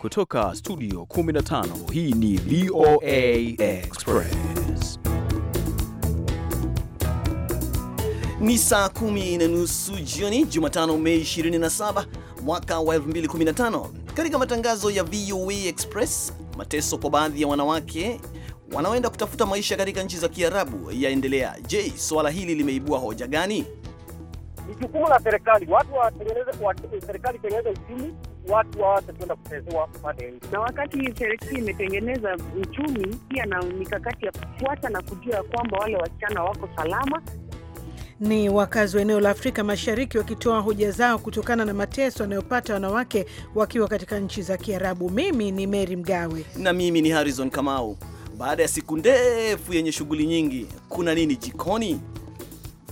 Kutoka studio 15 hii ni VOA Express. Ni saa kumi na nusu jioni Jumatano, Mei 27 mwaka wa 2015. Katika matangazo ya VOA Express, mateso kwa baadhi ya wanawake wanaoenda kutafuta maisha katika nchi za Kiarabu yaendelea. Je, swala hili limeibua hoja gani? Ni jukumu la serikali, watu wa serikali tengeneza uchumi watu hawatakwenda kutezewa pale nje. na wakati serikali imetengeneza uchumi pia na mikakati ya kufuata na kujua ya kwamba wale wasichana wako salama. Ni wakazi wa eneo la Afrika Mashariki wakitoa hoja zao kutokana na mateso wanayopata wanawake wakiwa katika nchi za Kiarabu. Mimi ni Mary Mgawe na mimi ni Harrison Kamau. Baada ya siku ndefu yenye shughuli nyingi, kuna nini jikoni?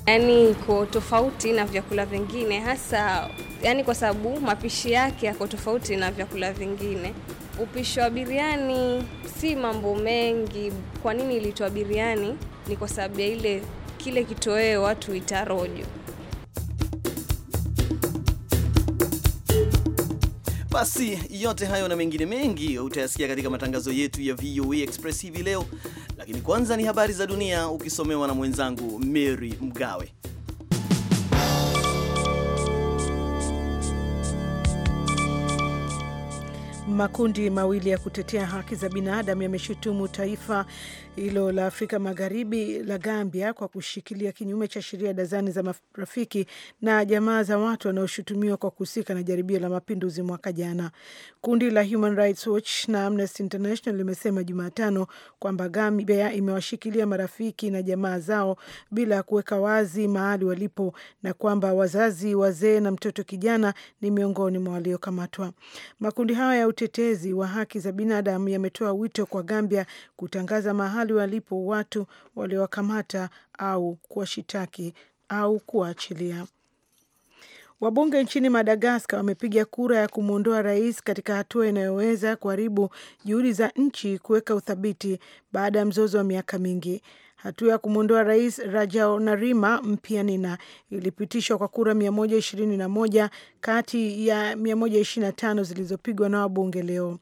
yani iko tofauti na vyakula vingine hasa, yani kwa sababu mapishi yake yako tofauti na vyakula vingine. Upishi wa biriani si mambo mengi. Kwa nini ilitwa biriani? Ni kwa sababu ya ile kile kitoweo watu huita rojo. Basi yote hayo na mengine mengi utayasikia katika matangazo yetu ya VOA e Express hivi leo lakini kwanza ni habari za dunia ukisomewa na mwenzangu Mary Mgawe. Makundi mawili ya kutetea haki za binadamu yameshutumu taifa hilo la Afrika Magharibi la Gambia kwa kushikilia kinyume cha sheria dazani za marafiki na jamaa za watu wanaoshutumiwa kwa kuhusika na jaribio la mapinduzi mwaka jana. Kundi la Human Rights Watch na Amnesty International limesema Jumatano kwamba Gambia imewashikilia marafiki na jamaa zao bila kuweka wazi mahali walipo na kwamba wazazi, wazee na mtoto kijana ni miongoni mwa waliokamatwa. Makundi hayo ya utetezi wa haki za binadamu yametoa wito kwa Gambia kutangaza mahali walipo watu waliowakamata au kuwashitaki au kuwaachilia. Wabunge nchini Madagaskar wamepiga kura ya kumwondoa rais katika hatua inayoweza kuharibu juhudi za nchi kuweka uthabiti baada ya mzozo wa miaka mingi. Hatua ya kumwondoa rais Rajaonarima Mpyanina ilipitishwa kwa kura 121 kati ya 125 zilizopigwa na wabunge leo.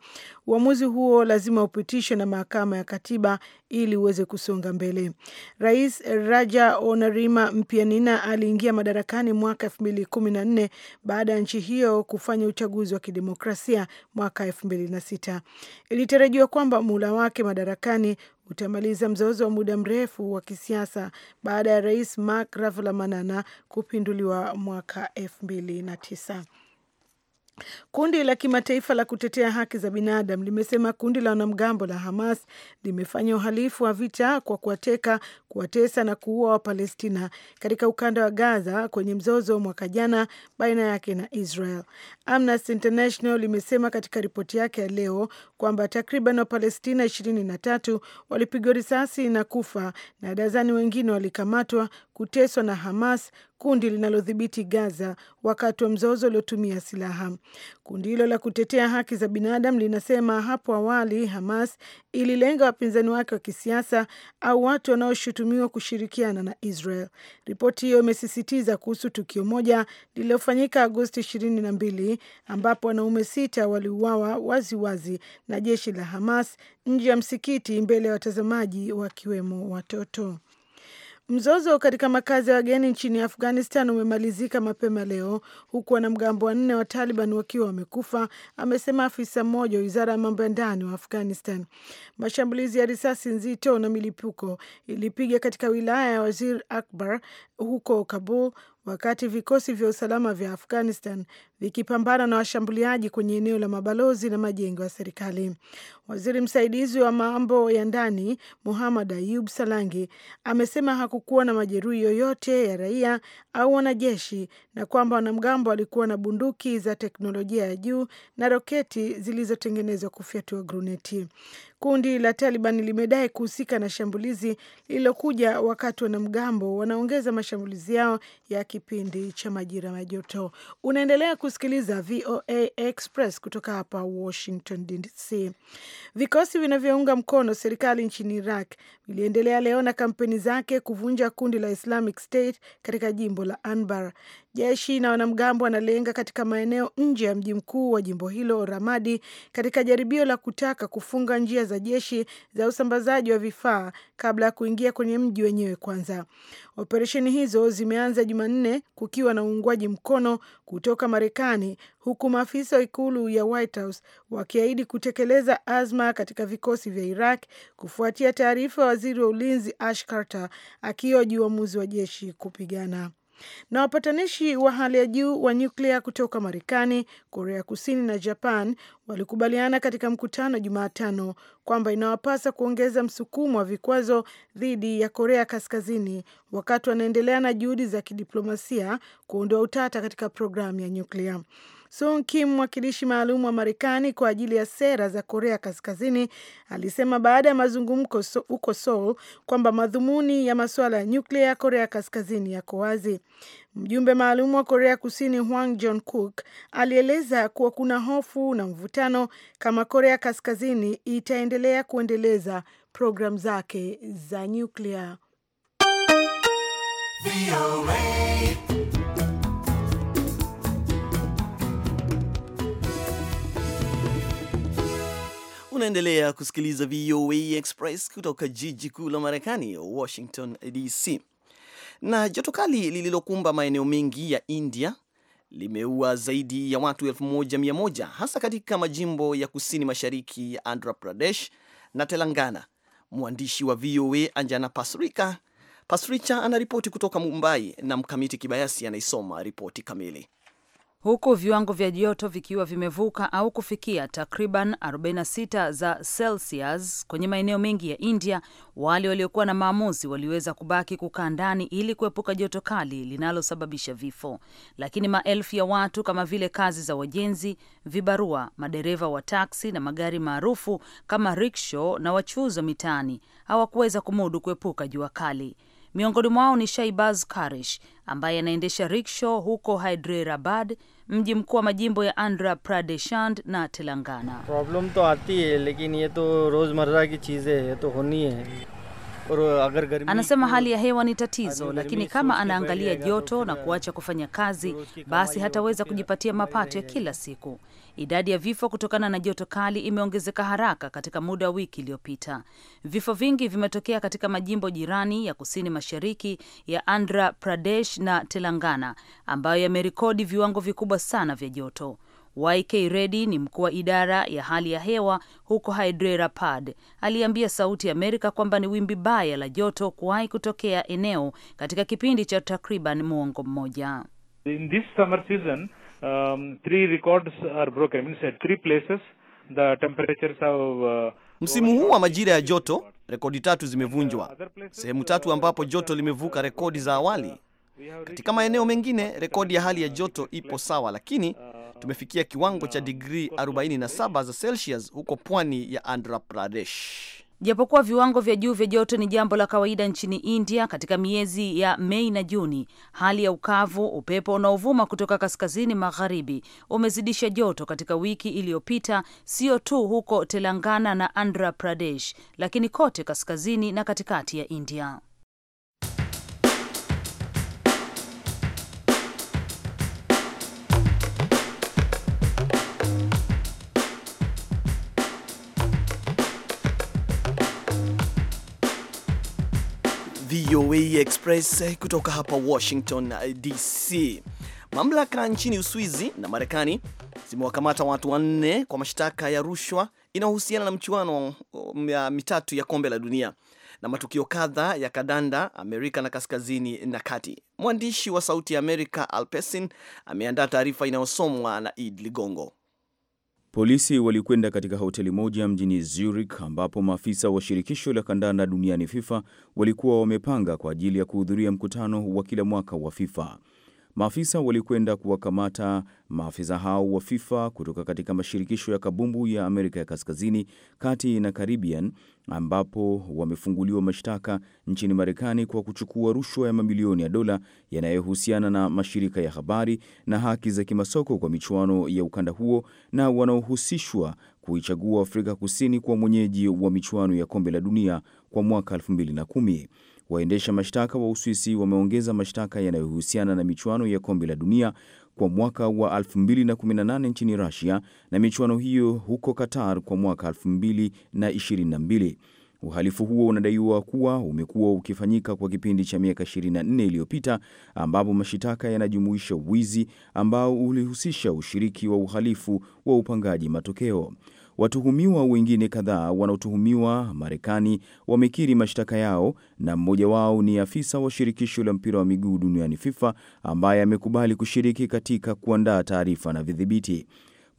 Uamuzi huo lazima upitishwe na mahakama ya katiba ili uweze kusonga mbele. Rais Rajaonarima Mpyanina aliingia madarakani mwaka 2014 baada ya nchi hiyo kufanya uchaguzi wa kidemokrasia mwaka 2006. Ilitarajiwa kwamba muhula wake madarakani utamaliza mzozo wa muda mrefu wa kisiasa baada ya rais Marc Ravalomanana kupinduliwa mwaka elfu mbili na tisa. Kundi la kimataifa la kutetea haki za binadamu limesema kundi la wanamgambo la Hamas limefanya uhalifu wa vita kwa kuwateka, kuwatesa na kuua Wapalestina katika ukanda wa Gaza kwenye mzozo mwaka jana baina yake na Israel. Amnesty International limesema katika ripoti yake ya leo kwamba takriban Wapalestina tatu walipigwa risasi na kufa na dazani wengine walikamatwa kuteswa na Hamas, kundi linalodhibiti Gaza wakati wa mzozo uliotumia silaha. Kundi hilo la kutetea haki za binadamu linasema hapo awali Hamas ililenga wapinzani wake wa kisiasa au watu wanaoshutumiwa kushirikiana na Israel. Ripoti hiyo imesisitiza kuhusu tukio moja lililofanyika Agosti 22 ambapo wanaume sita waliuawa waziwazi na jeshi la Hamas nje ya msikiti mbele ya watazamaji wakiwemo watoto. Mzozo katika makazi ya wageni nchini Afghanistan umemalizika mapema leo huku wanamgambo wanne wa Taliban wakiwa wamekufa, amesema afisa mmoja wa wizara ya mambo ya ndani wa Afghanistan. Mashambulizi ya risasi nzito na milipuko ilipiga katika wilaya ya Wazir Akbar huko Kabul wakati vikosi vya usalama vya Afghanistan vikipambana na washambuliaji kwenye eneo la mabalozi na majengo ya serikali. Waziri msaidizi wa mambo ya ndani Muhammad Ayub Salangi amesema hakukuwa na majeruhi yoyote ya raia au wanajeshi na kwamba wanamgambo walikuwa na bunduki za teknolojia ya juu na roketi zilizotengenezwa kufyatua gruneti. Kundi la Taliban limedai kuhusika na shambulizi lililokuja wakati wanamgambo wanaongeza mashambulizi yao ya kipindi cha majira majoto Unaendelea kusikiliza VOA Express kutoka hapa Washington DC. Vikosi vinavyounga mkono serikali nchini Iraq viliendelea leo na kampeni zake kuvunja kundi la Islamic State katika jimbo la Anbar. Jeshi na wanamgambo wanalenga katika maeneo nje ya mji mkuu wa jimbo hilo Ramadi, katika jaribio la kutaka kufunga njia za jeshi za usambazaji wa vifaa kabla ya kuingia kwenye mji wenyewe kwanza. Operesheni hizo zimeanza Jumanne kukiwa na uungwaji mkono kutoka Marekani, huku maafisa wa ikulu ya White House wakiahidi kutekeleza azma katika vikosi vya Iraq kufuatia taarifa ya waziri wa ulinzi Ash Carter akihoji uamuzi wa jeshi kupigana. Na wapatanishi wa hali ya juu wa nyuklia kutoka Marekani, Korea Kusini na Japan walikubaliana katika mkutano Jumatano kwamba inawapasa kuongeza msukumo wa vikwazo dhidi ya Korea Kaskazini wakati wanaendelea na juhudi za kidiplomasia kuondoa utata katika programu ya nyuklia. Sung Kim, mwakilishi maalum wa Marekani kwa ajili ya sera za Korea Kaskazini, alisema baada ya mazungumzo huko Seoul kwamba madhumuni ya masuala ya nyuklia ya Korea Kaskazini yako wazi. Mjumbe maalum wa Korea Kusini Hwang john cook alieleza kuwa kuna hofu na mvutano kama Korea Kaskazini itaendelea kuendeleza programu zake za nyuklia. Unaendelea kusikiliza VOA Express kutoka jiji kuu la Marekani, Washington DC. Na joto kali lililokumba maeneo mengi ya India limeua zaidi ya watu 1100 hasa katika majimbo ya kusini mashariki ya Andhra Pradesh na Telangana. Mwandishi wa VOA Anjana Pasrika Pasricha anaripoti kutoka Mumbai na Mkamiti Kibayasi anaisoma ripoti kamili huku viwango vya joto vikiwa vimevuka au kufikia takriban 46 za Celsius kwenye maeneo mengi ya India. Wale waliokuwa na maamuzi waliweza kubaki kukaa ndani ili kuepuka joto kali linalosababisha vifo, lakini maelfu ya watu kama vile kazi za wajenzi, vibarua, madereva wa taksi na magari maarufu kama rikshaw na wachuuzi wa mitaani hawakuweza kumudu kuepuka jua kali. Miongoni mwao ni Shaibaz Karish ambaye anaendesha rikshaw huko Hyderabad mji mkuu wa majimbo ya Andhra Pradesh na Telangana. Problem to aati hai lekin ye to rozmarra ki cheeze hai to honi hai Uh, anasema hali ya hewa ni tatizo, lakini kama anaangalia joto na kuacha kufanya kazi, basi hataweza kujipatia mapato ya kila siku. Idadi ya vifo kutokana na joto kali imeongezeka haraka katika muda wa wiki iliyopita. Vifo vingi vimetokea katika majimbo jirani ya kusini mashariki ya Andhra Pradesh na Telangana ambayo yamerekodi viwango vikubwa sana vya joto. YK Redi ni mkuu wa idara ya hali ya hewa huko Hyderabad aliambia Sauti Amerika kwamba ni wimbi baya la joto kuwahi kutokea eneo katika kipindi cha takriban muongo mmoja. In this summer season, um, three records are broken. I mean, uh, three places the temperatures have, uh, msimu huu wa majira ya joto rekodi tatu zimevunjwa, sehemu tatu ambapo joto limevuka rekodi za awali. Katika maeneo mengine rekodi ya hali ya joto ipo sawa, lakini tumefikia kiwango cha digrii 47 za Celsius huko pwani ya Andhra Pradesh. Japokuwa viwango vya juu vya joto ni jambo la kawaida nchini India katika miezi ya Mei na Juni, hali ya ukavu, upepo unaovuma kutoka kaskazini magharibi umezidisha joto katika wiki iliyopita, sio tu huko Telangana na Andhra Pradesh, lakini kote kaskazini na katikati ya India. VOA Express eh, kutoka hapa Washington eh, DC. Mamlaka nchini Uswizi na Marekani zimewakamata watu wanne kwa mashtaka ya rushwa inayohusiana na mchuano mm, ya mitatu ya kombe la dunia na matukio kadha ya kadanda Amerika na kaskazini na kati. Mwandishi wa Sauti ya Amerika Alpesin ameandaa taarifa inayosomwa na Id Ligongo. Polisi walikwenda katika hoteli moja mjini Zurich ambapo maafisa wa shirikisho la kandanda duniani FIFA walikuwa wamepanga kwa ajili ya kuhudhuria mkutano wa kila mwaka wa FIFA. Maafisa walikwenda kuwakamata maafisa hao wa FIFA kutoka katika mashirikisho ya kabumbu ya Amerika ya Kaskazini, Kati na Caribbean, ambapo wamefunguliwa mashtaka nchini Marekani kwa kuchukua rushwa ya mamilioni ya dola yanayohusiana na mashirika ya habari na haki za kimasoko kwa michuano ya ukanda huo na wanaohusishwa kuichagua Afrika Kusini kwa mwenyeji wa michuano ya kombe la dunia kwa mwaka 2010. Waendesha mashtaka wa Uswisi wameongeza mashtaka yanayohusiana na michuano ya kombe la dunia kwa mwaka wa 2018 nchini Russia na michuano hiyo huko Qatar kwa mwaka 2022. Uhalifu huo unadaiwa kuwa umekuwa ukifanyika kwa kipindi cha miaka 24 iliyopita, ambapo mashitaka yanajumuisha wizi ambao ulihusisha ushiriki wa uhalifu wa upangaji matokeo. Watuhumiwa wengine kadhaa wanaotuhumiwa Marekani wamekiri mashtaka yao na mmoja wao ni afisa wa shirikisho la mpira wa miguu duniani FIFA ambaye amekubali kushiriki katika kuandaa taarifa na vidhibiti.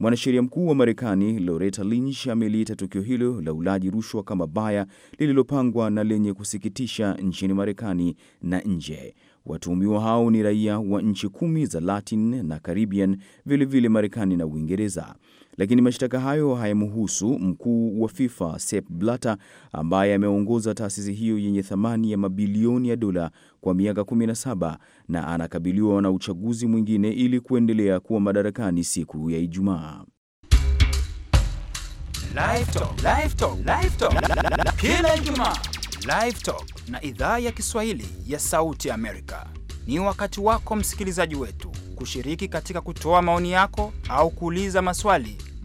Mwanasheria mkuu wa Marekani Loretta Lynch ameliita tukio hilo la ulaji rushwa kama baya lililopangwa na lenye kusikitisha nchini Marekani na nje. Watuhumiwa hao ni raia wa nchi kumi za Latin na Caribbean, vilevile Marekani na Uingereza lakini mashtaka hayo hayamhusu mkuu wa FIFA Sepp Blatter ambaye ameongoza taasisi hiyo yenye thamani ya mabilioni ya dola kwa miaka 17 na anakabiliwa na uchaguzi mwingine ili kuendelea kuwa madarakani siku ya Ijumaa. Kila Ijumaa Live Talk na idhaa ya Kiswahili ya Sauti Amerika ni wakati wako msikilizaji wetu kushiriki katika kutoa maoni yako au kuuliza maswali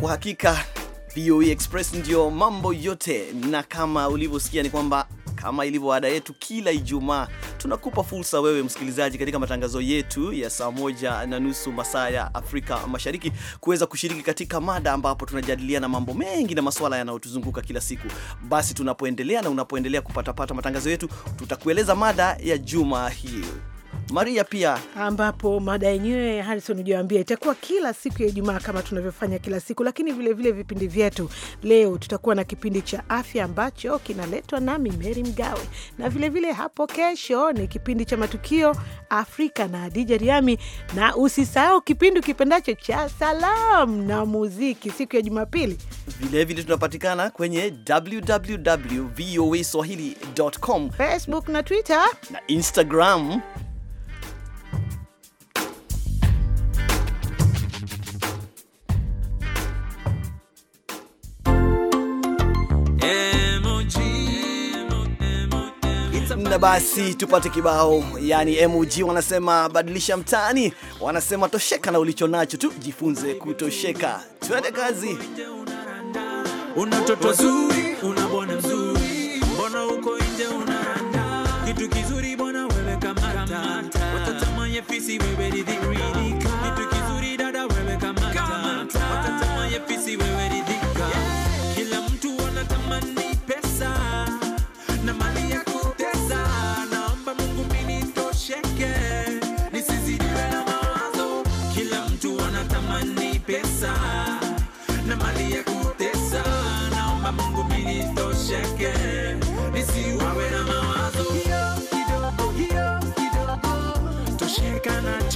kwa hakika VOA e Express ndio mambo yote, na kama ulivyosikia ni kwamba kama ilivyo ada yetu kila Ijumaa tunakupa fursa wewe msikilizaji, katika matangazo yetu ya saa moja na nusu masaa ya Afrika Mashariki kuweza kushiriki katika mada ambapo tunajadiliana mambo mengi na masuala yanayotuzunguka kila siku. Basi tunapoendelea na unapoendelea kupatapata matangazo yetu, tutakueleza mada ya juma hii. Maria pia, ambapo mada yenyewe harison ujawaambia itakuwa kila siku ya Ijumaa kama tunavyofanya kila siku, lakini vilevile vile vipindi vyetu. Leo tutakuwa na kipindi cha afya ambacho kinaletwa nami Meri Mgawe, na vilevile vile hapo kesho ni kipindi cha matukio Afrika na dija Riami, na usisahau kipindi kipendacho cha salamu na muziki siku ya Jumapili. Vilevile tunapatikana kwenye www voa swahili.com, Facebook na Twitter na Instagram na basi tupate kibao, yani MG wanasema badilisha mtaani, wanasema tosheka na ulicho nacho tu, jifunze kutosheka. Twende kazi. Una toto zuri, una bwana mzuri, mbona uko nje unaranda? Kitu kizuri bwana wewe kamata, watatamani fisi wewe ridhika. Kitu kizuri dada wewe kamata, watatamani fisi wewe ridhika. Kila mtu anatamani pe kutesa na mali ya kutesa, naomba Mungu minitosheke nisiwawe na mawazo hiyo kidogo, hiyo kidogo tosheka na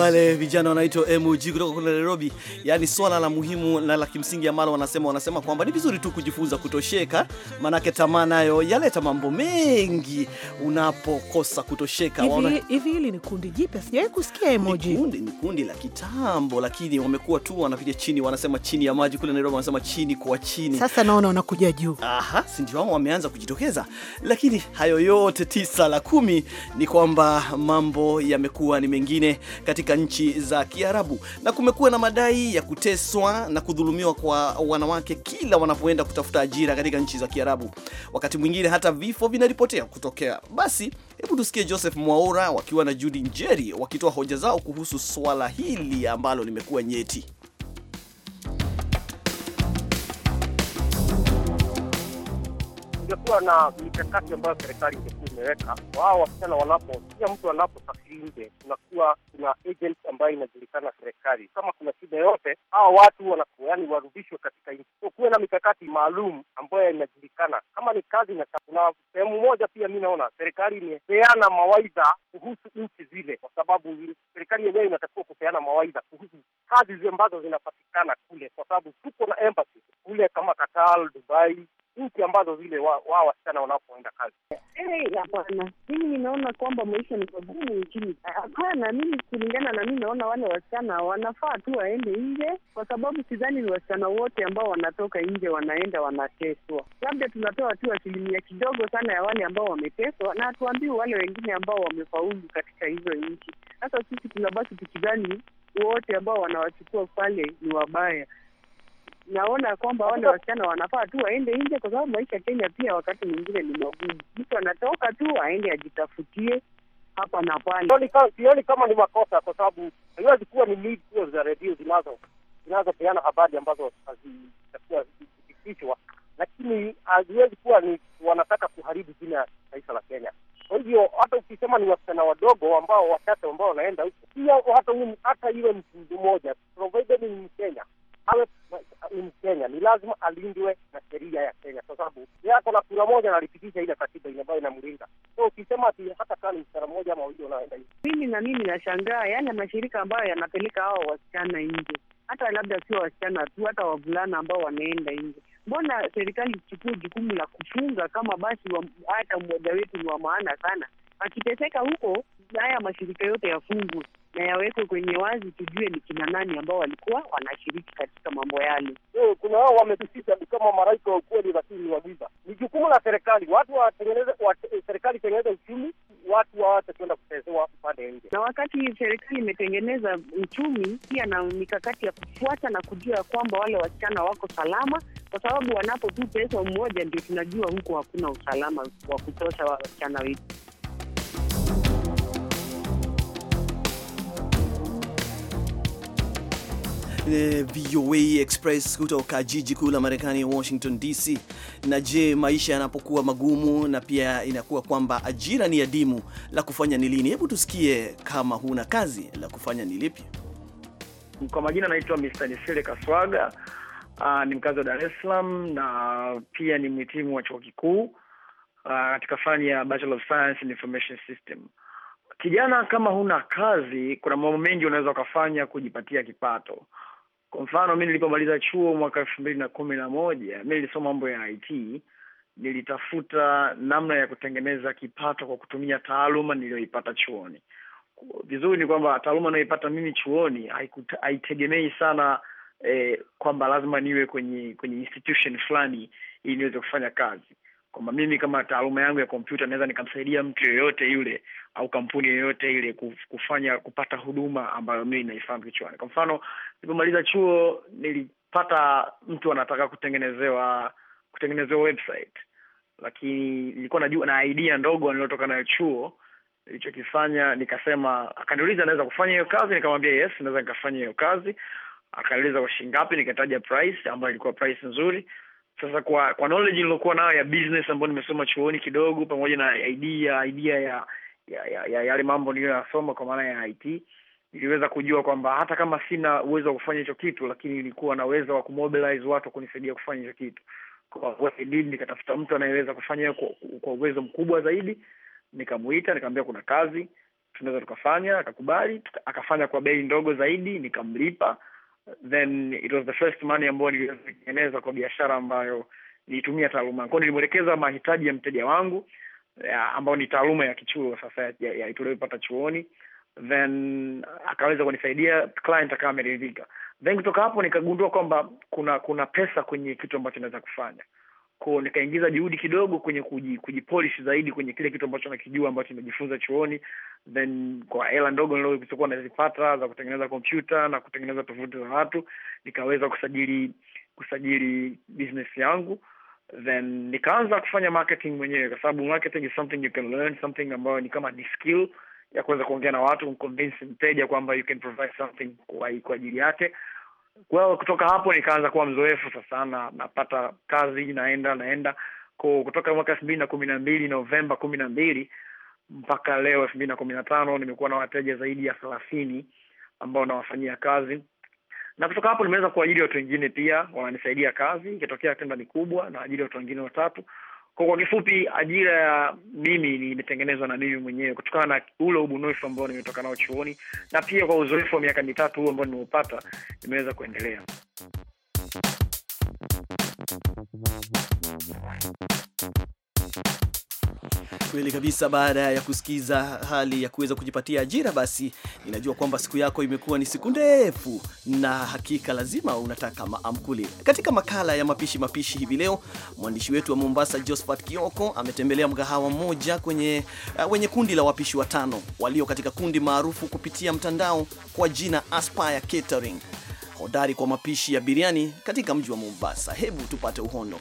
wale vijana wanaitwa MG kutoka kule Nairobi. Yaani swala la muhimu na la kimsingi ambalo wanasema wanasema kwamba ni vizuri tu kujifunza kutosheka, maanake tamaa nayo yaleta mambo mengi unapokosa kutosheka. Hivi hivi hili ni kundi jipya, sijawahi kusikia MG. Ni kundi, ni kundi la kitambo, lakini wamekuwa tu wanapiga chini, wanasema chini ya maji kule Nairobi, wanasema chini kwa chini. Sasa naona wanakuja juu. Aha, si ndio wao wameanza kujitokeza. Lakini hayo yote tisa la kumi ni kwamba mambo yamekuwa ni mengine katika katika nchi za Kiarabu, na kumekuwa na madai ya kuteswa na kudhulumiwa kwa wanawake kila wanapoenda kutafuta ajira katika nchi za Kiarabu. Wakati mwingine hata vifo vinaripotea kutokea. Basi hebu tusikie Joseph Mwaura wakiwa na Judy Njeri wakitoa hoja zao kuhusu swala hili ambalo limekuwa nyeti. kungekuwa na mikakati ambayo serikali ingekuwa imeweka, wao wasichana wanapo, kila mtu anaposafiri nje, kunakuwa kuna agent ambayo inajulikana serikali. Kama kuna shida yote, hawa watu wanakuwa yani warudishwe katika nchi. So kuwe na mikakati maalum ambayo inajulikana, kama ni kazi na kuna sehemu moja pia, mi naona serikali imepeana mawaidha kuhusu nchi zile, kwa sababu serikali yenyewe inatakiwa kupeana mawaidha kuhusu kazi ambazo zinapatikana kule, kwa sababu tuko na embassy kule kama Qatar, Dubai tofauti ambazo zile wao wa wasichana wanapoenda kazi. Hey, eh, hapana, mimi ninaona kwamba maisha ni magumu nchini. Hapana, mimi kulingana na mimi naona wale wasichana wanafaa tu waende nje, kwa sababu sidhani ni wasichana wote ambao wanatoka nje wanaenda wanateswa. Labda tunatoa tu asilimia kidogo sana ya wale ambao wameteswa, na hatuambiwi wale wengine ambao wamefaulu katika hizo nchi. Sasa sisi tunabaki tukidhani wote ambao wanawachukua pale ni wabaya naona kwamba wale wasichana wanafaa tu waende nje, kwa sababu maisha Kenya pia wakati mwingine ni magumu. Mtu anatoka tu aende ajitafutie hapa na pale. Sioni kama ni makosa, kwa sababu haiwezi kuwa ni mid za redio zinazo zinazopeana habari ambazo hazitakuwa zikifichwa, lakini haziwezi kuwa ni wanataka kuharibu jina ya taifa la Kenya. Kwa hivyo hata ukisema ni wasichana wadogo ambao wachache ambao wanaenda huko, pia hata iwe mtu mmoja, provided ni Mkenya awe Kenya ni lazima alindwe na sheria ya Kenya, kwa sababu yako na kura moja analipitisha ile katiba ile ambayo inamlinda. So ukisema ati hata kama ni mmoja ama wawili unaenda hivi, mimi na mimi nashangaa yale yaani mashirika ambayo yanapeleka hao wasichana nje, hata labda sio wasichana tu, hata wavulana ambao wanaenda nje Mbona serikali ichukue jukumu la kufunga kama basi hata mmoja wetu ni wa maana sana akiteseka huko, haya mashirika yote yafungwe na yawekwe kwenye wazi, tujue ni kina nani ambao walikuwa wanashiriki katika mambo yale. E, kuna wao wametusita kama maraika wa ukweli, lakini ni wagiza. Ni jukumu la serikali, watu watengeneze, serikali itengeneze uchumi, watu hawata kwenda kutezewa upande nje. Na wakati serikali imetengeneza uchumi, pia na mikakati ya kufuata na kujua ya kwamba wale wasichana wako salama, kwa sababu wanapo tu pesa mmoja, ndio tunajua huko hakuna usalama wa kutosha wa wasichana wetu. eh, VOA Express kutoka jiji kuu la Marekani Washington DC. Na je, maisha yanapokuwa magumu na pia inakuwa kwamba ajira ni adimu, la kufanya ni lini? Hebu tusikie kama huna kazi la kufanya ni lipi? Kwa majina naitwa Mr. Nisele Kaswaga. Uh, ni mkazi wa Dar es Salaam na pia ni mhitimu wa chuo kikuu ah, katika uh, fani ya Bachelor of Science in Information System. Kijana, kama huna kazi, kuna mambo mengi unaweza ukafanya kujipatia kipato. Kwa mfano mi nilipomaliza chuo mwaka elfu mbili na kumi na moja mi nilisoma mambo ya IT, nilitafuta namna ya kutengeneza kipato kwa kutumia taaluma niliyoipata chuoni. Vizuri ni kwamba taaluma ninayoipata mimi chuoni haitegemei sana eh, kwamba lazima niwe kwenye kwenye institution fulani ili niweze kufanya kazi kwamba mimi kama taaluma yangu ya kompyuta naweza nikamsaidia mtu yoyote yule au kampuni yoyote ile kufanya kupata huduma ambayo mimi naifahamu kichwani. Kwa mfano, nilipomaliza chuo nilipata mtu anataka kutengenezewa kutengenezewa website, lakini nilikuwa najua na idea ndogo niliyotoka nayo chuo. Nilichokifanya nikasema, akaniuliza naweza kufanya hiyo kazi, nikamwambia yes, naweza nikafanya hiyo kazi. Akaniuliza kwa shilingi ngapi, nikataja price ambayo ilikuwa price nzuri sasa kwa kwa knowledge niliokuwa nayo ya business ambayo nimesoma chuoni kidogo, pamoja na idea idea ya yale ya, ya, ya mambo niliyoyasoma kwa maana ya IT, niliweza kujua kwamba hata kama sina uwezo wa kufanya hicho kitu, lakini nilikuwa na uwezo wa kumobilize watu kunisaidia kufanya hicho kitu. Kwa nikatafuta mtu anayeweza kufanya hiyo kwa, kwa uwezo mkubwa zaidi, nikamuita, nikamwambia kuna kazi tunaweza tukafanya, akakubali, akafanya kwa bei ndogo zaidi, nikamlipa then it was the first money ambayo niliweza kwa biashara ambayo nilitumia taaluma yangu. Nilimwelekeza mahitaji ya mteja wangu ambayo ni taaluma ya kichuo sasa tuliyopata chuoni, then akaweza kunisaidia, client akawa ameridhika. Then kutoka hapo nikagundua kwamba kuna kuna pesa kwenye kitu ambacho inaweza kufanya ko nikaingiza juhudi kidogo kwenye kujipolish zaidi kwenye kile kitu ambacho nakijua ambacho imejifunza chuoni, then kwa hela ndogo nilizokuwa nazipata za kutengeneza kompyuta na kutengeneza tofauti za watu, nikaweza kusajili kusajili business yangu, then nikaanza kufanya marketing mwenyewe, kwa sababu marketing is something you can learn, something ambayo ni kama ni skill ya kuweza kuongea na watu, mteja kwamba you can provide something kwa ajili yake hiyo kutoka hapo nikaanza kuwa mzoefu sasa na napata kazi naenda naenda ko kutoka mwaka elfu mbili na kumi na mbili Novemba kumi na mbili mpaka leo elfu mbili na kumi na tano nimekuwa na wateja zaidi ya thelathini ambao nawafanyia kazi, na kutoka hapo nimeweza kuajiri watu wengine pia wananisaidia kazi. Ikitokea tenda ni kubwa na ajiri watu wengine watatu kwa kwa kifupi, ajira ya mimi imetengenezwa na mimi mwenyewe kutokana na ule ubunifu ambao nimetoka nao chuoni, na pia kwa uzoefu wa miaka mitatu huu ambao nimeupata, nimeweza kuendelea Kweli kabisa. Baada ya kusikiza hali ya kuweza kujipatia ajira, basi ninajua kwamba siku yako imekuwa ni siku ndefu, na hakika lazima unataka maamkuli. Katika makala ya mapishi mapishi hivi leo, mwandishi wetu wa Mombasa Josephat Kioko ametembelea mgahawa mmoja kwenye uh, wenye kundi la wapishi watano walio katika kundi maarufu kupitia mtandao kwa jina Aspire Catering, hodari kwa mapishi ya biriani katika mji wa Mombasa. Hebu tupate uhondo.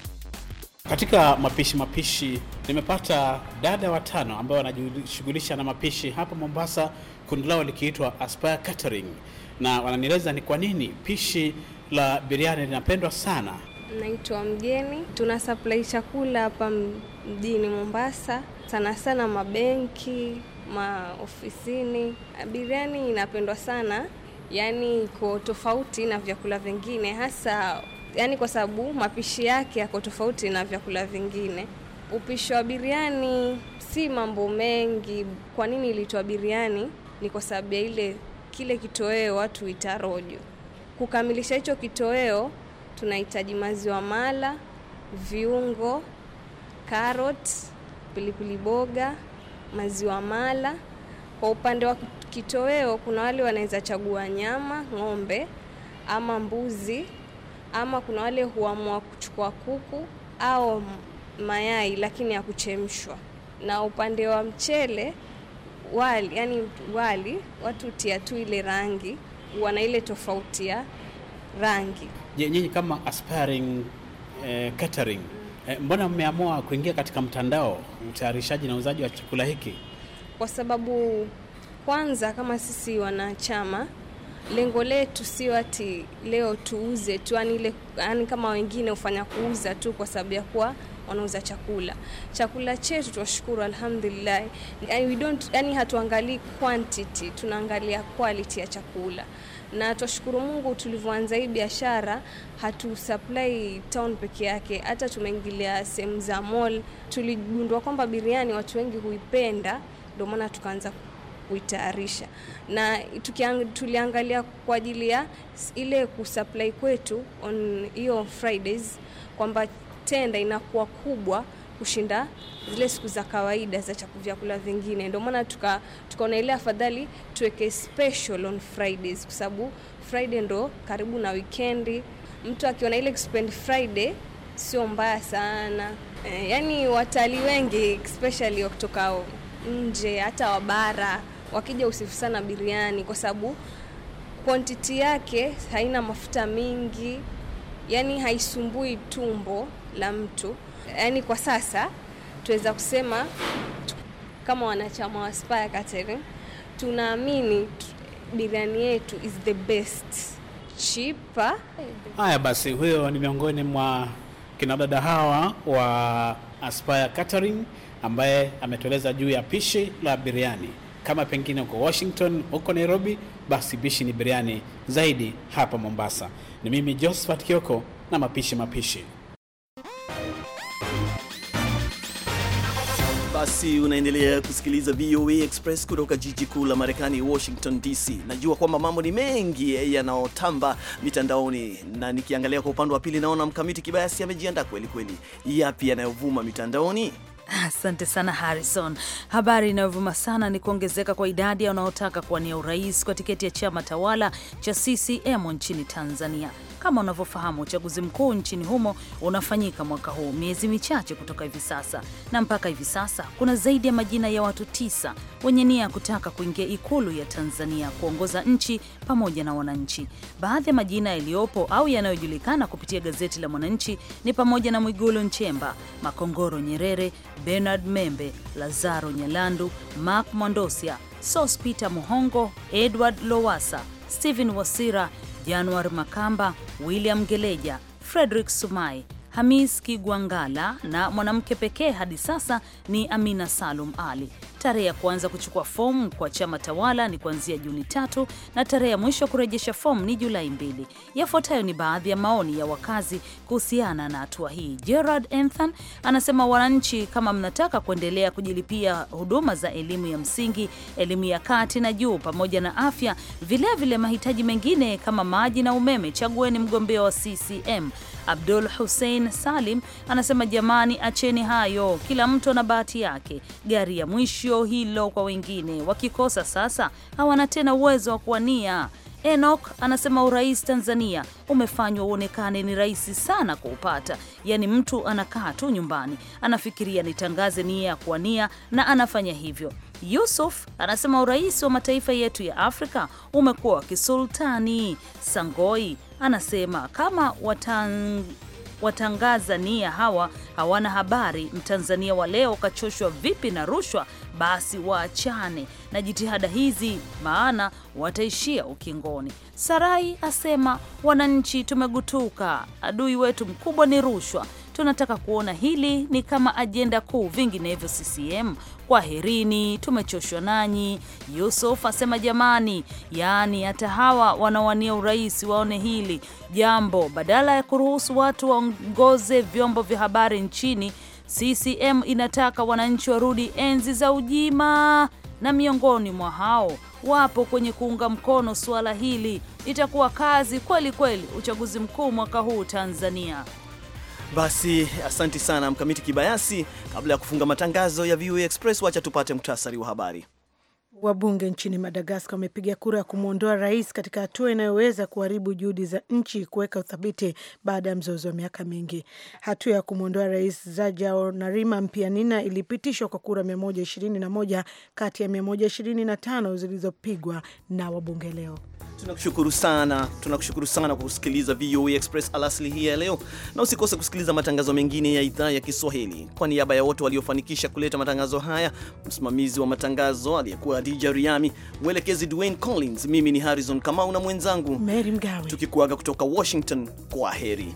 Katika mapishi mapishi, nimepata dada watano ambao wanajishughulisha na mapishi hapa Mombasa, kundi lao likiitwa Aspire Catering, na wananieleza ni kwa nini pishi la biriani linapendwa sana. Naitwa Mgeni, tuna supply chakula hapa mjini Mombasa, sana sana mabenki, maofisini. Biriani inapendwa sana, yaani iko tofauti na vyakula vingine hasa yani kwa sababu mapishi yake yako tofauti na vyakula vingine. Upishi wa biriani si mambo mengi. Kwa nini ilitoa biriani? Ni kwa sababu ya ile kile kitoweo watu itarojo rojo. Kukamilisha hicho kitoweo tunahitaji maziwa mala, viungo, karot, pilipili boga, maziwa mala. Kwa upande wa kitoweo, kuna wale wanaweza chagua nyama, ng'ombe ama mbuzi ama kuna wale huamua kuchukua kuku au mayai lakini ya kuchemshwa. Na upande wa mchele wali, yani wali watu tia tu ile rangi, wana ile tofauti ya rangi. nyinyi kama aspiring eh, catering eh, mbona mmeamua kuingia katika mtandao utayarishaji na uzaji wa chakula hiki? Kwa sababu kwanza, kama sisi wanachama lengo letu sio ati leo tuuze tu, yani ile yani kama wengine ufanya kuuza tu kwa sababu ya kuwa wanauza chakula. Chakula chetu tunashukuru, alhamdulillah. Yani we don't, yani hatuangalii quantity, tunaangalia quality ya chakula na twashukuru Mungu tulivyoanza hii biashara hatu supply town peke yake, hata tumeingilia sehemu za mall. Tuligundua kwamba biriani watu wengi huipenda, ndio maana tukaanza kuitayarisha, na tuliangalia kwa ajili ya ile kusupply kwetu on hiyo Fridays kwamba tenda inakuwa kubwa kushinda zile siku za kawaida za vyakula vingine. Ndio maana tukaona tuka ile afadhali tuweke special on Fridays, kwa sababu Friday ndo karibu na wikendi. Mtu akiona ile spend Friday sio mbaya sana e, eh, yani watalii wengi especially kutoka nje hata wabara wakija usifu sana biriani kwa sababu quantity yake haina mafuta mingi, yani haisumbui tumbo la mtu. Yani kwa sasa tuweza kusema kama wanachama wa Spire Catering tunaamini biriani yetu is the best chipa. Haya basi, huyo ni miongoni mwa kinadada hawa wa Aspire Catering ambaye ametueleza juu ya pishi la biriani. Kama pengine uko Washington, huko Nairobi, basi bishi ni biriani zaidi hapa Mombasa. Ni mimi Josephat Kioko na mapishi mapishi. Basi unaendelea kusikiliza VOA Express kutoka jiji kuu la Marekani, Washington DC. Najua kwamba mambo ni mengi eh, yanayotamba mitandaoni, na nikiangalia kwa upande wa pili naona Mkamiti Kibayasi amejiandaa kweli kweli. Yapi yanayovuma mitandaoni? Asante sana Harrison. Habari inayovuma sana ni kuongezeka kwa idadi ya wanaotaka kuwania urais kwa tiketi ya chama tawala cha CCM nchini Tanzania. Kama unavyofahamu, uchaguzi mkuu nchini humo unafanyika mwaka huu miezi michache kutoka hivi sasa, na mpaka hivi sasa kuna zaidi ya majina ya watu tisa wenye nia ya kutaka kuingia Ikulu ya Tanzania kuongoza nchi pamoja na wananchi. Baadhi ya majina yaliyopo au yanayojulikana kupitia gazeti la Mwananchi ni pamoja na Mwigulu Nchemba, Makongoro Nyerere, Bernard Membe, Lazaro Nyalandu, Mark Mondosia, Sos Peter Muhongo, Edward Lowasa, Stephen Wasira, Januar Makamba, William Geleja, Frederick Sumai, Hamis Kigwangala na mwanamke pekee hadi sasa ni Amina Salum Ali. Tarehe ya kuanza kuchukua fomu kwa chama tawala ni kuanzia Juni tatu na tarehe ya mwisho kurejesha fomu ni Julai mbili. Yafuatayo ni baadhi ya maoni ya wakazi kuhusiana na hatua hii. Gerard Enthan anasema, wananchi, kama mnataka kuendelea kujilipia huduma za elimu ya msingi, elimu ya kati na juu, pamoja na afya, vilevile vile mahitaji mengine kama maji na umeme, chagueni mgombea wa CCM Abdul Hussein Salim anasema jamani, acheni hayo, kila mtu ana bahati yake. Gari ya mwisho hilo kwa wengine, wakikosa sasa hawana tena uwezo wa kuwania. Enoch anasema urais Tanzania umefanywa uonekane ni rahisi sana kuupata, yaani mtu anakaa tu nyumbani anafikiria nitangaze nia ya kuwania na anafanya hivyo. Yusuf anasema urais wa mataifa yetu ya Afrika umekuwa wa kisultani. Sangoi anasema kama watang nia hawa hawana habari, Mtanzania wa leo kachoshwa vipi na rushwa basi waachane na jitihada hizi, maana wataishia ukingoni. Sarai asema, wananchi tumegutuka, adui wetu mkubwa ni rushwa. Tunataka kuona hili ni kama ajenda kuu, vinginevyo CCM kwaherini, tumechoshwa nanyi. Yusuf asema jamani, yaani hata hawa wanawania urais waone hili jambo, badala ya kuruhusu watu waongoze vyombo vya habari nchini CCM inataka wananchi warudi enzi za ujima, na miongoni mwa hao wapo kwenye kuunga mkono suala hili. Itakuwa kazi kweli kweli uchaguzi mkuu mwaka huu Tanzania. Basi asanti sana Mkamiti Kibayasi. Kabla ya kufunga matangazo ya VOA e Express, wacha tupate muhtasari wa habari. Wabunge nchini Madagaskar wamepiga kura ya kumwondoa rais katika hatua inayoweza kuharibu juhudi za nchi kuweka uthabiti baada ya mzozo wa miaka mingi. Hatua ya kumwondoa rais zajao narima Mpianina ilipitishwa kwa kura 121 kati ya 125 zilizopigwa na wabunge leo. Tunakushukuru sana, tunakushukuru sana kwa kusikiliza VOA e Express alasili hii ya leo, na usikose kusikiliza matangazo mengine ya idhaa ya Kiswahili. Kwa niaba ya wote waliofanikisha kuleta matangazo haya, msimamizi wa matangazo aliyekuwa Adija Riami, mwelekezi Dwayne Collins, mimi ni Harrison Kamau na mwenzangu Mary Mgawe, tukikuaga kutoka Washington, kwa heri.